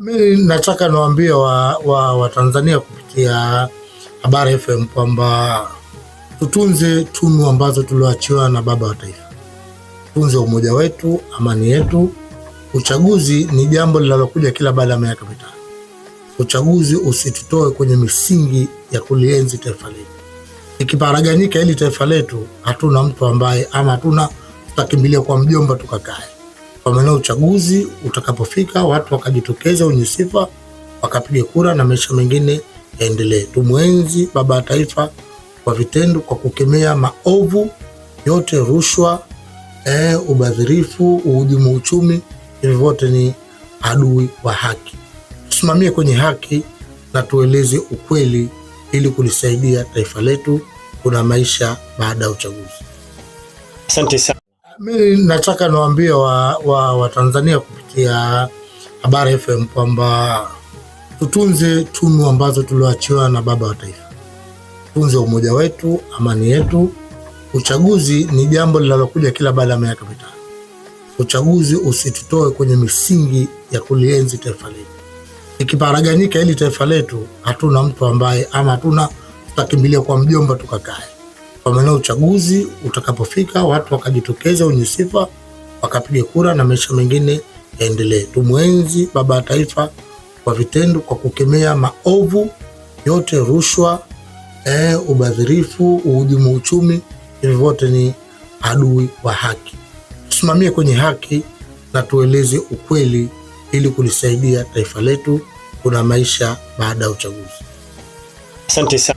Mi nataka niwaambie wa Watanzania wa kupitia Habari FM kwamba tutunze tunu ambazo tulioachiwa na baba wa taifa, tutunze umoja wetu, amani yetu. Uchaguzi ni jambo linalokuja kila baada ya miaka mitano. Uchaguzi usitutoe kwenye misingi ya kulienzi taifa letu. Ikiparaganyika hili taifa letu, hatuna mtu ambaye ama hatuna tutakimbilia kwa mjomba tukakae kwa maana uchaguzi utakapofika watu wakajitokeza wenye sifa wakapiga kura na maisha mengine yaendelee. Tumwenzi baba wa taifa kwa vitendo, kwa kukemea maovu yote, rushwa e, ubadhirifu, uhujumu uchumi, hivi vyote ni adui wa haki. Tusimamie kwenye haki na tueleze ukweli ili kulisaidia taifa letu kuna maisha baada ya uchaguzi. Asante sana. Mi nataka niwaambie wa, wa, Watanzania kupitia Habari FM kwamba tutunze tunu ambazo tulioachiwa na baba wa taifa, tutunze umoja wetu, amani yetu. Uchaguzi ni jambo linalokuja kila baada ya miaka mitano. Uchaguzi usitutoe kwenye misingi ya kulienzi taifa letu. Ikiparaganyika ili taifa letu, hatuna mtu ambaye ama hatuna tutakimbilia kwa mjomba tukakae kwa maana uchaguzi utakapofika watu wakajitokeza wenye sifa wakapiga kura na maisha mengine yaendelee. Tumwenzi baba wa taifa kwa vitendo, kwa kukemea maovu yote, rushwa eh, ubadhirifu, uhujumu uchumi, hivi vyote ni adui wa haki. Tusimamie kwenye haki na tueleze ukweli ili kulisaidia taifa letu kuna maisha baada ya uchaguzi. Asante sana.